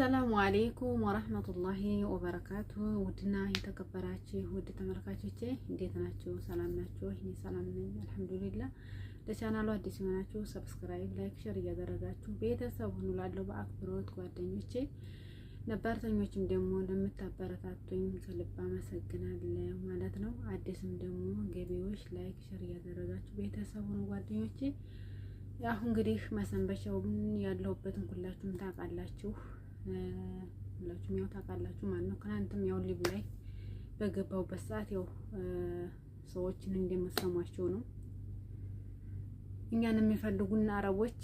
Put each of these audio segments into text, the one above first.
አሰላሙ አሌይኩም ወረህመቱላሂ ወበረካቱ። ውድና የተከበራችሁ ውድ ተመልካቾቼ እንዴት ናችሁ? ሰላም ናችሁ? እኔ ሰላም ነኝ አልሐምዱሊላህ። ለቻናሉ አዲስ የሆናችሁ ሰብስክራይብ፣ ላይክ፣ ሸር እያደረጋችሁ ቤተሰብ ሁኑ ላለው በአክብሮት ጓደኞቼ፣ ነባርተኞችም ደግሞ ለምታበረታቱኝ ከልብ አመሰግናለሁ ማለት ነው። አዲስም ደግሞ ገቢዎች ላይክ፣ ሸር እያደረጋችሁ ቤተሰብ ሁኑ ጓደኞቼ። ያሁ እንግዲህ መሰንበቻውን ያለሁበትን ሁላችሁም ታውቃላችሁ። ሁላችሁም ያው ታውቃላችሁ ማለት ነው። ትናንትም ያው ሊብ ላይ በገባሁበት ሰዓት ያው ሰዎችን እንደምሰማቸው ነው። እኛን የሚፈልጉን አረቦች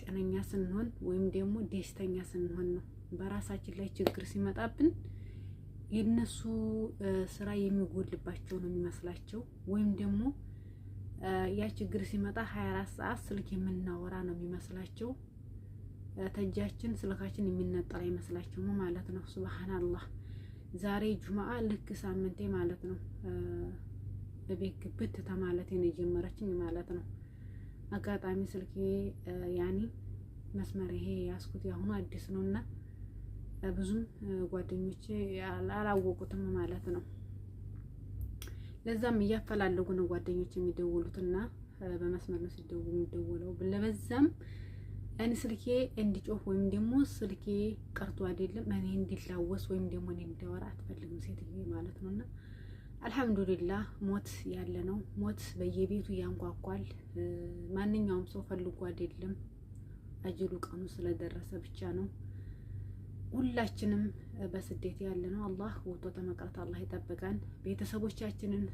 ጤነኛ ስንሆን ወይም ደግሞ ደስተኛ ስንሆን ነው። በራሳችን ላይ ችግር ሲመጣብን የነሱ ስራ የሚጎልባቸው ነው የሚመስላቸው ወይም ደግሞ ያ ችግር ሲመጣ 24 ሰዓት ስልክ የምናወራ ነው የሚመስላቸው። ተጃችን ስልካችን የሚነጠል አይመስላችሁም ማለት ነው። ሱብሃንአላህ ዛሬ ጁማአ ልክ ሳምንቴ ማለት ነው በቤት ግብት ተማለቴ ነው የጀመረችኝ ማለት ነው። አጋጣሚ ስልኬ ያኔ መስመር ይሄ ያስኩት ያሁኑ አዲስ ነው እና ብዙም ጓደኞቼ አላወቁትም ማለት ነው። ለዛም እያፈላለጉ ነው ጓደኞች የሚደውሉትና በመስመር ነው ሲደውሉ የሚደውለው ለበዛም እኔ ስልኬ እንዲጮህ ወይም ደግሞ ስልኬ ቀርቶ አይደለም እኔ እንዲላወስ ወይም ደግሞ እኔ እንዲያወራ አትፈልግም ሴትዬ ማለት ነው። እና አልሐምዱሊላህ ሞት ያለ ነው። ሞት በየቤቱ ያንኳኳል። ማንኛውም ሰው ፈልጎ አይደለም፣ አጅሉ ቀኑ ስለደረሰ ብቻ ነው። ሁላችንም በስደት ያለ ነው። አላህ ወጥቶ ተመቅረት አላህ ይጠብቀን። ቤተሰቦቻችንን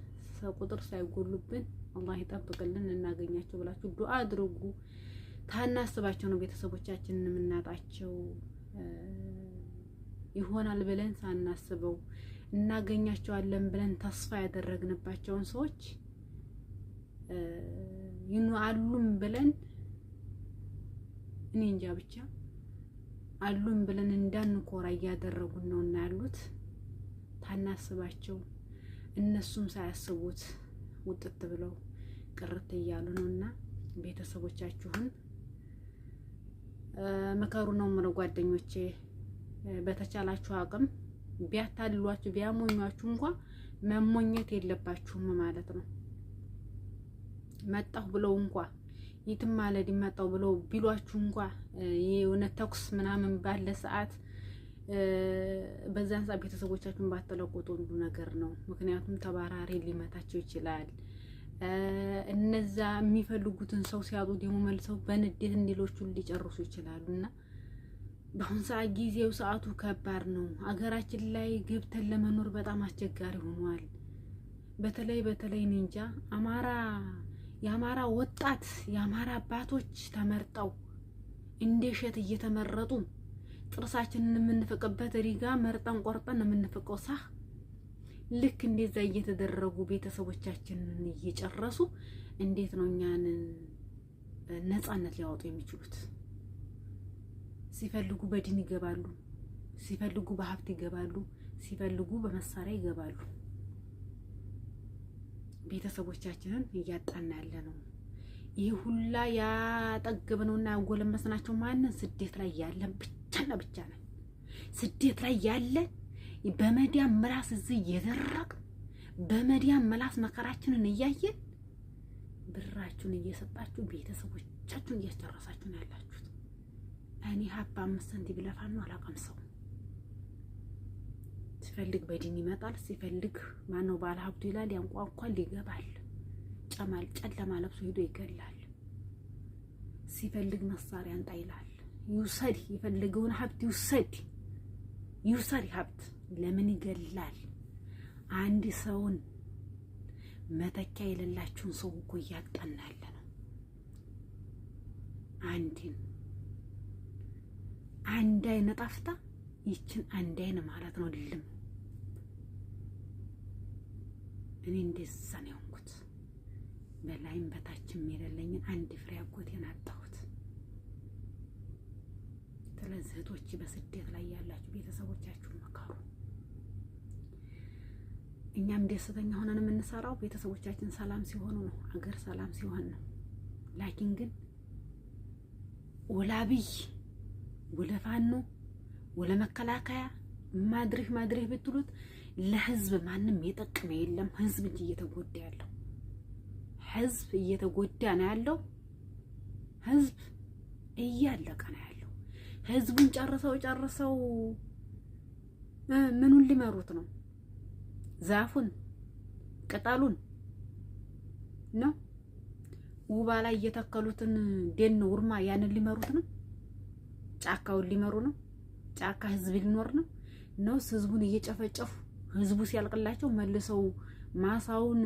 ቁጥር ሳይጎሉብን አላህ ይጠብቅልን። እናገኛቸው ብላችሁ ዱአ አድርጉ። ታናስባቸው ነው ቤተሰቦቻችንን የምናጣቸው ይሆናል ብለን ሳናስበው እናገኛቸዋለን ብለን ተስፋ ያደረግንባቸውን ሰዎች ይኑ አሉም ብለን እኔ እንጃ ብቻ አሉም ብለን እንዳንኮራ እያደረጉን ነው እና ያሉት ታናስባቸው እነሱም ሳያስቡት ውጥት ብለው ቅርት እያሉ ነው እና ቤተሰቦቻችሁን ምከሩ ነው የምለው ጓደኞቼ። በተቻላችሁ አቅም ቢያታልሏችሁ ቢያሞኟችሁ እንኳ መሞኘት የለባችሁም ማለት ነው። መጣሁ ብለው እንኳ የትም ማለድ መጣሁ ብለው ቢሏችሁ እንኳ የሆነ ተኩስ ምናምን ባለ ሰዓት በዛን ሰዓት ቤተሰቦቻችሁን ባትለቁ ጥሩ ነገር ነው። ምክንያቱም ተባራሪ ሊመታቸው ይችላል። እነዛ የሚፈልጉትን ሰው ሲያጡ ደግሞ መልሰው በንዴት እንዲሎቹን ሊጨርሱ ይችላሉ እና በአሁን ሰዓት ጊዜው ሰዓቱ ከባድ ነው። አገራችን ላይ ገብተን ለመኖር በጣም አስቸጋሪ ሆኗል። በተለይ በተለይ ኒንጃ አማራ የአማራ ወጣት የአማራ አባቶች ተመርጠው እንደ እሸት እየተመረጡ ጥርሳችንን የምንፍቅበት ሪጋ መርጠን ቆርጠን የምንፍቀው ሳህ ልክ እንደዛ እየተደረጉ ቤተሰቦቻችንን እየጨረሱ እንዴት ነው እኛን ነፃነት ሊያወጡ የሚችሉት? ሲፈልጉ በድን ይገባሉ፣ ሲፈልጉ በሀብት ይገባሉ፣ ሲፈልጉ በመሳሪያ ይገባሉ። ቤተሰቦቻችንን እያጣና ያለ ነው። ይህ ሁላ ያጠገብነውና ያጎለመስናቸው ማንን? ስደት ላይ ያለን ብቻና ብቻ ነን። ስደት ላይ ያለን በመዲያም ምላስ እዚህ እየዘረቅን በመዳም ምላስ መከራችንን እያየን ብራችሁን እየሰጣችሁ ቤተሰቦቻችሁን እያስጨረሳችሁ ነው ያላችሁት። እኔ ሀብ አምስት ሳንቲም ቢለፋ ነው ሲፈልግ በድን ይመጣል፣ ሲፈልግ ማነው ባለ ሀብቱ ይላል፣ ያንቋንኳል፣ ይገባል፣ ጨማል ጨለማ ለብሶ ሄዶ ይገላል። ሲፈልግ መሳሪያ አንጣ ይላል፣ ይውሰድ፣ የፈለገውን ሀብት ይውሰድ፣ ይውሰድ ሀብት ለምን ይገላል? አንድ ሰውን መተኪያ የሌላችሁን ሰው እኮ እያጠናለ ነው። አንድን አንድ አይነ ጣፍታ ይችን አንድ አይነ ማለት ነው ልም እኔ እንደዛ ነው የሆንኩት። በላይም በታችም የሌለኝን አንድ ፍሬ አጎቴን አጣሁት። ስለዚህ እህቶች በስደት ላይ ያላችሁ ቤተሰቦቻችሁ እኛም ደስተኛ ሆነን የምንሰራው ቤተሰቦቻችን ሰላም ሲሆኑ ነው። አገር ሰላም ሲሆን ነው። ላኪን ግን ወላብይ ወለፋኖ ወለመከላከያ ማድረፍ ማድሬህ ብትሉት ለህዝብ ማንም የጠቅመ የለም። ህዝብ እንጂ እየተጎዳ ያለው ህዝብ እየተጎዳ ነው ያለው። ህዝብ እያለቀ ነው ያለው። ህዝቡን ጨርሰው ጨርሰው ምኑን ሊመሩት ነው? ዛፉን ቅጠሉን ነው ውባ ላይ እየተከሉትን ደን ውርማ ያንን ሊመሩት ነው። ጫካውን ሊመሩ ነው። ጫካ ህዝብ ሊኖር ነው ነውስ ህዝቡን እየጨፈጨፉ ህዝቡ ሲያልቅላቸው መልሰው ማሳውን፣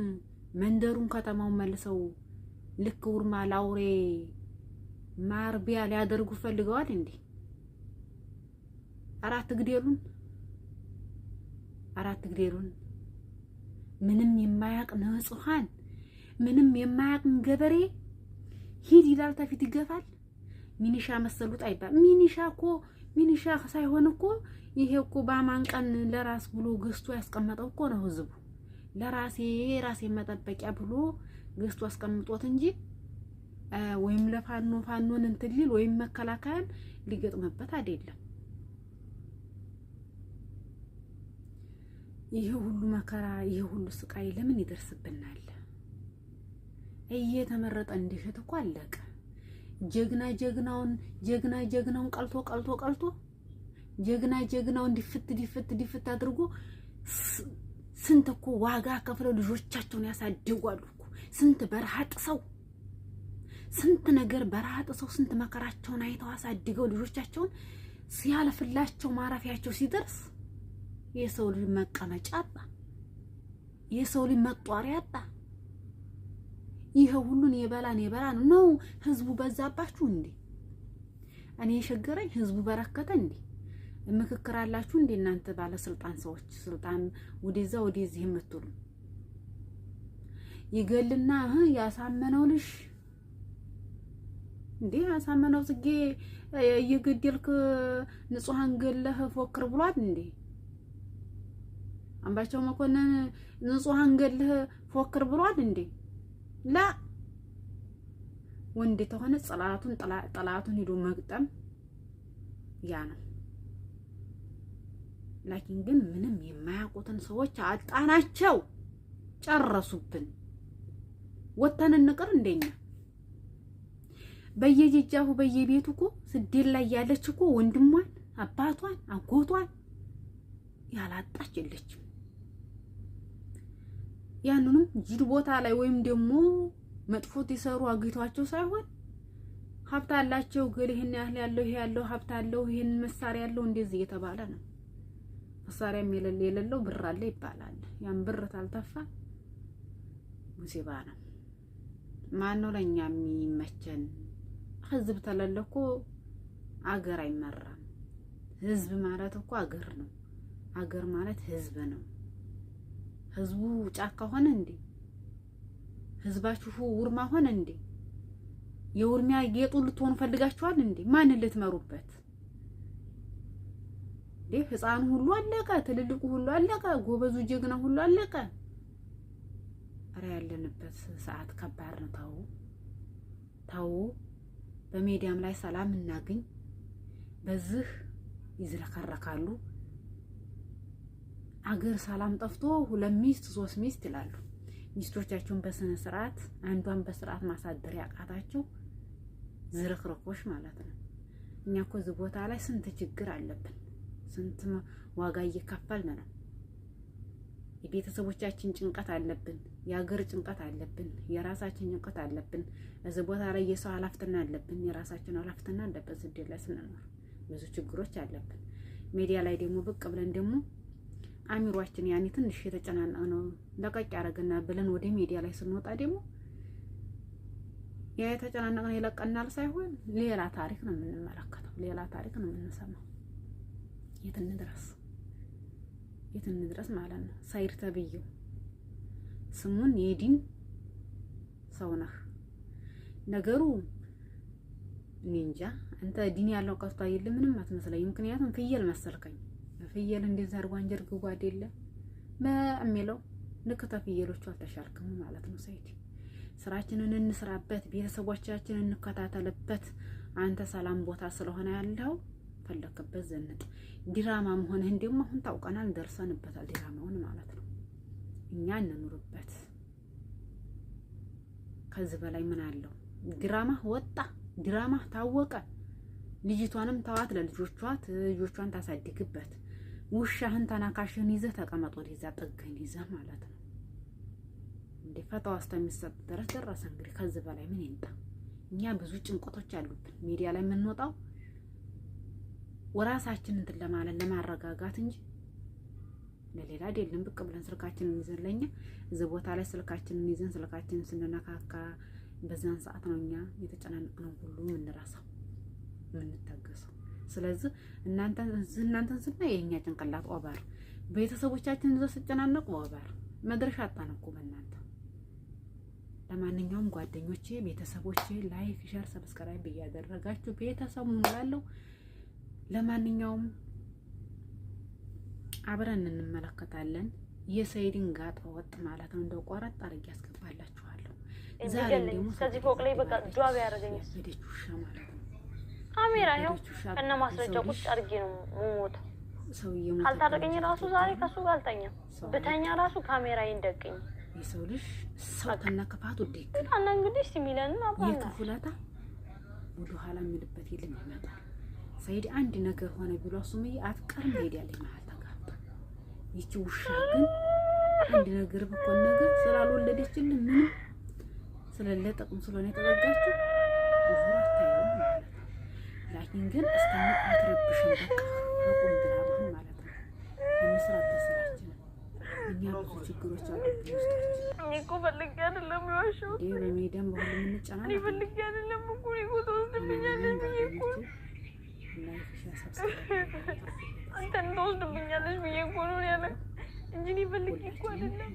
መንደሩን፣ ከተማውን መልሰው ልክ ውርማ ላውሬ ማርቢያ ሊያደርጉ ፈልገዋል እንዴ? አራት ግዴሉን አራት ግዴሉን ምንም የማያቅ ንጹሃን፣ ምንም የማያቅን ገበሬ ሂድ ይላል፣ ተፊት ይገፋል። ሚኒሻ መሰሉት አይባል። ሚኒሻ እኮ ሚኒሻ ሳይሆን እኮ ይሄ እኮ በአማን ቀን ለራስ ብሎ ገዝቶ ያስቀመጠው እኮ ነው ህዝቡ። ለራሴ ራሴ መጠበቂያ ብሎ ገዝቶ አስቀምጦት እንጂ ወይም ለፋኖ ፋኖን እንትሊል ወይም መከላከያን ሊገጥምበት አይደለም። ይሄ ሁሉ መከራ ይሄ ሁሉ ስቃይ ለምን ይደርስብናል? እየተመረጠ እንዲሸት እኮ አለቀ። ጀግና ጀግናውን ጀግና ጀግናውን ቀልቶ ቀልቶ ቀልቶ ጀግና ጀግናውን ዲፍት ዲፍት ዲፍት አድርጎ ስንት እኮ ዋጋ ከፍለው ልጆቻቸውን ያሳድጓሉ እኮ ስንት በረሃ ጥሰው ስንት ነገር በረሃ ጥሰው ስንት መከራቸውን አይተው አሳድገው ልጆቻቸውን ሲያለፍላቸው ማረፊያቸው ሲደርስ የሰው ልጅ መቀመጫ አጣ፣ የሰው ልጅ መጧሪያ አጣ። ይሄ ሁሉን የበላን የበላን ነው። ህዝቡ በዛባችሁ እንዴ? እኔ የሸገረኝ ህዝቡ በረከተ እንዴ? ምክክር አላችሁ እንዴ? እናንተ ባለስልጣን ሰዎች ስልጣን ወደዛ ወደዚህ የምትሉ ይገልና ያሳመነው ልሽ እንዴ ያሳመነው ጽጌ እየገደልክ ንጹሃን ገለህ ፎክር ብሏል እንዴ? አምባቸው መኮንን ንጹሃን ገድለህ ፎክር ብሏል እንዴ? ላ ወንድ ተሆነ ጥላቱን ጠላቱን ሄዶ መግጠም ያ ነው። ላኪን ግን ምንም የማያውቁትን ሰዎች አጣናቸው፣ ጨረሱብን። ወተን እንቅር እንደኛ በየጀጃሁ በየቤቱ እኮ ስደት ላይ ያለች እኮ ወንድሟን፣ አባቷን፣ አጎቷን ያላጣች የለችም። ያንኑም ጅድ ቦታ ላይ ወይም ደግሞ መጥፎ የሰሩ አግኝቷቸው ሳይሆን ሀብት አላቸው ገሌ ይሄን ያህል ያለው ይሄ ያለው ሀብት አለው ይሄን መሳሪያ ያለው እንደዚህ እየተባለ ነው። መሳሪያም የሌለ የሌለው ብር አለ ይባላል። ያን ብር ታልተፋ ሙሲባ ነው። ማን ነው ለኛ የሚመቸን? ህዝብ ተለለ እኮ አገር አይመራም። ህዝብ ማለት እኮ አገር ነው። አገር ማለት ህዝብ ነው። ህዝቡ ጫካ ሆነ እንዴ? ህዝባችሁ ውርማ ሆነ እንዴ? የውርሚያ ጌጡ ልትሆኑ ፈልጋችኋል እንዴ? ማንን ልትመሩበት እንዴ? ህፃኑ ሁሉ አለቀ፣ ትልልቁ ሁሉ አለቀ፣ ጎበዙ ጀግና ሁሉ አለቀ። ኧረ ያለንበት ሰዓት ከባድ ነው። ተው ተው። ላይ ሰላም እናገኝ። በዚህ ይዝረከረካሉ። አገር ሰላም ጠፍቶ ሁለት ሚስት ሶስት ሚስት ይላሉ። ሚስቶቻቸውን በስነ ስርዓት አንዷን በስርዓት ማሳደር ያቃታቸው ዝርክርኮች ማለት ነው። እኛ እኮ እዚህ ቦታ ላይ ስንት ችግር አለብን፣ ስንት ዋጋ እየከፈልን ነው። የቤተሰቦቻችን ጭንቀት አለብን፣ የአገር ጭንቀት አለብን፣ የራሳችን ጭንቀት አለብን። እዚህ ቦታ ላይ የሰው ሀላፍትና አለብን፣ የራሳችን ሀላፍትና አለብን። ስደት ላይ ስንኖር ብዙ ችግሮች አለብን። ሜዲያ ላይ ደግሞ ብቅ ብለን ደግሞ አሚሯችን ያኔ ትንሽ የተጨናነቀ ነው ለቀቅ ያደረገና ብለን ወደ ሚዲያ ላይ ስንወጣ ደግሞ ያ ነው ይለቀናል ሳይሆን ሌላ ታሪክ ነው የምንመለከተው፣ ሌላ ታሪክ ነው የምንሰማው። የት እንድረስ የት እንድረስ ማለት ነው። ሳይር ተብዬው ስሙን የዲን ሰው ነህ ነገሩ እኔ እንጃ። አንተ ዲን ያለው ቀርቶ አይደል ምንም አትመስለኝ። ምክንያቱም ፍየል መሰልከኝ። ፍየል እንደዛ አድርጎ አንጀር ግቡ አይደለ የሚለው ልክ ፍየሎቹ አልተሻልክም ማለት ነው። ሰይድ ስራችንን እንስራበት፣ ቤተሰቦቻችንን እንከታተልበት። አንተ ሰላም ቦታ ስለሆነ ያለው ፈለክበት ዘንጥ ድራማ መሆን ደግሞ አሁን ታውቀናል፣ ደርሰንበታል። ዲራማውን ማለት ነው እኛ እንኑርበት። ከዚህ በላይ ምን አለው? ዲራማ ወጣ፣ ዲራማ ታወቀ። ልጅቷንም ተዋት፣ ለልጆቿ ልጆቿን ታሳድግበት። ውሻህን ተናካሽህን ይዘህ ተቀመጥ፣ ወደዛ ጥግህን ይዘህ ማለት ነው። እንደ ፈተዋ እስከሚሰጥ ድረስ ደረሰ። እንግዲህ ከዚህ በላይ ምን ይምጣ? እኛ ብዙ ጭንቆቶች አሉብን። ሚዲያ ላይ የምንወጣው ወራሳችን እንትን ለማለት ለማረጋጋት እንጂ ለሌላ አይደለም። ብቅ ብለን ስልካችንን ይዘን ለኛ እዚህ ቦታ ላይ ስልካችንን ይዘን ስልካችንን ስንነካካ በዛን ሰዓት ነው እኛ የተጨናነቅነው ሁሉ የምንረሳው የምንታገሰው። ስለዚህ እናንተን ስናይ የእኛ ጭንቅላት ኦቨር፣ ቤተሰቦቻችን ይዘው ሲጨናነቁ ኦቨር፣ መድረሻ አጣን እኮ በእናንተ። ለማንኛውም ጓደኞቼ፣ ቤተሰቦቼ ላይክ፣ ሸር፣ ሰብስክራይብ እያደረጋችሁ ቤተሰብ ሆኑላለሁ። ለማንኛውም አብረን እንመለከታለን። የሰይድን ጋጣ ወጥ ማለት ነው። እንደው ቆረጥ አድርጌ ያስገባላችኋለሁ። ዛሬ ደግሞ ከዚህ ፎቅ ላይ በቃ ጇብ ያደረገኝ ውሻ ማለት ነው። ካሜራ ይኸው ከነ ማስረጃ ቁጭ አድርጌ ነው የምሞተው። ካልታረቀኝ ራሱ ዛሬ ከሱ ጋር አልተኛም። ብተኛ ራሱ ካሜራ ይንደቅኝ። የሰው ልጅ ሰው ከነክፋቱ ደግ እና እንግዲህ ወደ ኋላ የሚልበት የለም ይመጣል። ሰይድ አንድ ነገር ሆነ ብሎ አትቀርም ሄዳለች መሀል ይቺ ውሻ ግን አንድ ነገር ብኮን ነገር ስላልወለደችልን ምንም ስለሌለ ጥቅም ስለሆነ የተዘጋችው አታየውም ማለት አሳይኝ ግን እስካሁን አትረብሽም። በቃ ማለት ነው። የመስራት ተስራችን እኛ ብዙ ችግሮች አሉብን እኮ ፈልጌ አይደለም የዋሸው ይህ በሜደም በሁሉ የምንጨና እኔ ፈልጌ አይደለም እኮ እኮ ተወስድብኛለች ብዬ እኮ አንተን ተወስድብኛለች ብዬ እኮ ነው ያለ እንጂ እኔ ፈልጌ እኮ አይደለም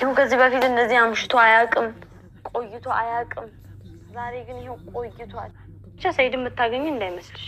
ይሁ ከዚህ በፊት እንደዚህ አምሽቶ አያውቅም፣ ቆይቶ አያውቅም። ዛሬ ግን ይሄው ቆይቷል። ብቻ ሰይድ የምታገኝ እንዳይመስልሽ።